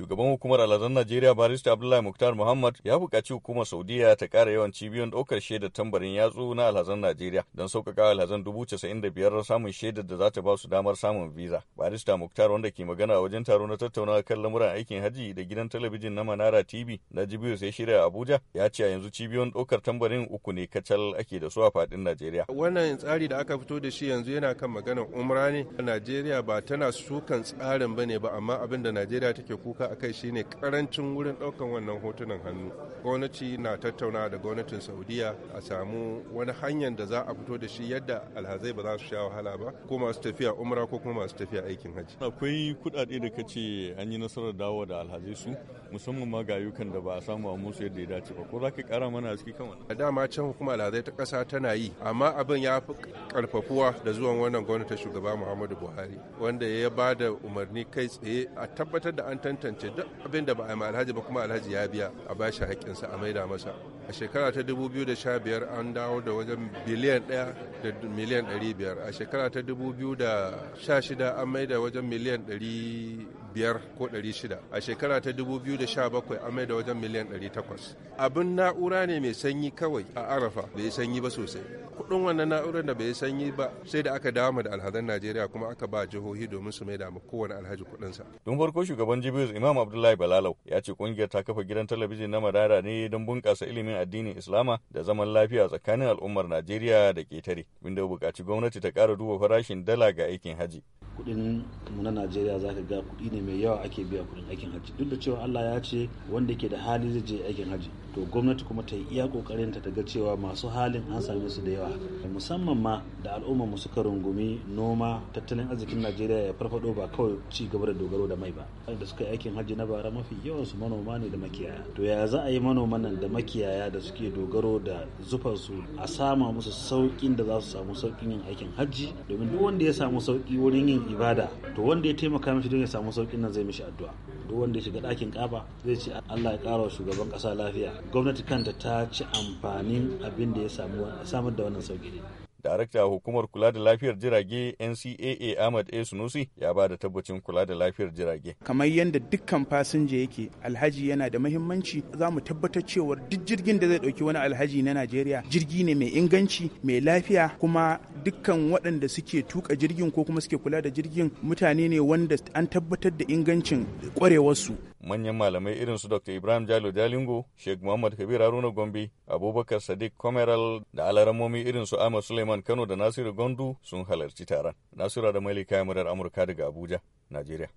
Shugaban hukumar aladun Najeriya barista Abdullahi Muktar Muhammad ya buƙaci hukumar Saudiya ta ƙara yawan cibiyoyin ɗaukar shaidar tambarin yatsu na alhazan Najeriya don sauƙaƙa alhazan dubu casa'in da biyar samun shaidar da za ta ba su damar samun visa. Barista Muktar wanda ke magana a wajen taro na tattaunawa kan lamuran aikin hajji da gidan talabijin na Manara TV na Jibiyu sai shirya Abuja ya ce a yanzu cibiyoyin ɗaukar tambarin uku ne kacal ake da su a faɗin Najeriya. Wannan tsari da aka fito da shi yanzu yana kan maganar umra ne. Najeriya ba tana sukan tsarin ne ba amma abin da Najeriya take kuka a kai shine karancin wurin ɗaukan wannan hotunan hannu gwamnati na tattauna da gwamnatin saudiya a samu wani hanyar da za a fito da shi yadda alhazai ba za su sha wahala ba ko masu tafiya umra ko kuma masu tafiya aikin hajji akwai kuɗaɗe da ka ce an yi nasarar dawo da alhazai su musamman ma ga ayyukan da ba a samu a musu yadda ya dace ba ko za ka ƙara mana a ciki kan wannan dama can hukumar alhazai ta ƙasa tana yi amma abin ya fi karfafuwa da zuwan wannan gwamnatin shugaba muhammadu buhari wanda ya ba da umarni kai tsaye a tabbatar da an tantance ce duk abin da ba a yi alhaji ba kuma alhaji ya biya a bashi haƙƙinsa a maida masa a shekara ta 2015 an dawo da wajen biliyan 1 da miliyan 500 a shekara ta 2016 an maida wajen miliyan biyar ko ɗari shida a shekara ta dubu biyu da sha bakwai an mai da wajen miliyan ɗari takwas abin na'ura ne mai sanyi kawai a arafa bai yi sanyi ba sosai kuɗin wannan na'urar da bai yi sanyi ba sai da aka dawo da alhazan najeriya kuma aka ba jihohi domin su mai da mu kowane alhaji kuɗinsa. don farko shugaban jibril imam abdullahi balalau ya ce kungiyar ta kafa gidan talabijin na madara ne don bunƙasa ilimin addinin islama da zaman lafiya tsakanin al'ummar najeriya da ketare inda buƙaci gwamnati ta ƙara duba farashin dala ga aikin haji kudin mu na najeriya za ka ga kudi ne mai yawa ake biya kudin aikin hajji duk da cewa allah ya ce wanda ke da hali zai je aikin hajji to gwamnati kuma ta yi iya kokarin ta ga cewa masu halin an same su da yawa musamman ma da al'umma mu suka rungumi noma tattalin arzikin najeriya ya farfado ba kawai ci gaba da dogaro da mai ba da suka yi aikin hajji na bara mafi yawan su manoma ne da makiyaya to ya za a yi manoman nan da makiyaya da suke dogaro da zufar su a sama musu saukin da za su samu saukin yin aikin hajji domin duk wanda ya samu sauki wurin yin ibada to wanda ya taimaka mishi don ya samu saukin nan zai mishi addu'a duk wanda ya shiga dakin kaba zai ce Allah ya ƙara wa shugaban ƙasa lafiya gwamnati kanta ta ci amfanin abin da ya samu samar da wannan sauki ne Darakta Hukumar Kula da Lafiyar Jirage NCAA Ahmad A. Sunusi ya ba da tabbacin kula da lafiyar jirage. Kamar yadda dukkan fasinja yake alhaji yana da mahimmanci za mu tabbatar cewar duk jirgin da zai ɗauki wani alhaji na Najeriya jirgi ne mai inganci mai lafiya kuma dukkan waɗanda suke tuka jirgin ko kuma suke kula da jirgin mutane ne wanda an tabbatar da ingancin ƙwarewarsu. Manyan malamai irin su Dr. Ibrahim Jalo Jalingo, Sheikh Muhammad Kabir Haruna Gombe, Abubakar Sadiq Komeral da alaramomi irin su Ahmad Suleiman Kano da Nasiru Gondu sun halarci taron. Nasiru da Malika Yamurar Amurka daga Abuja, Najeriya.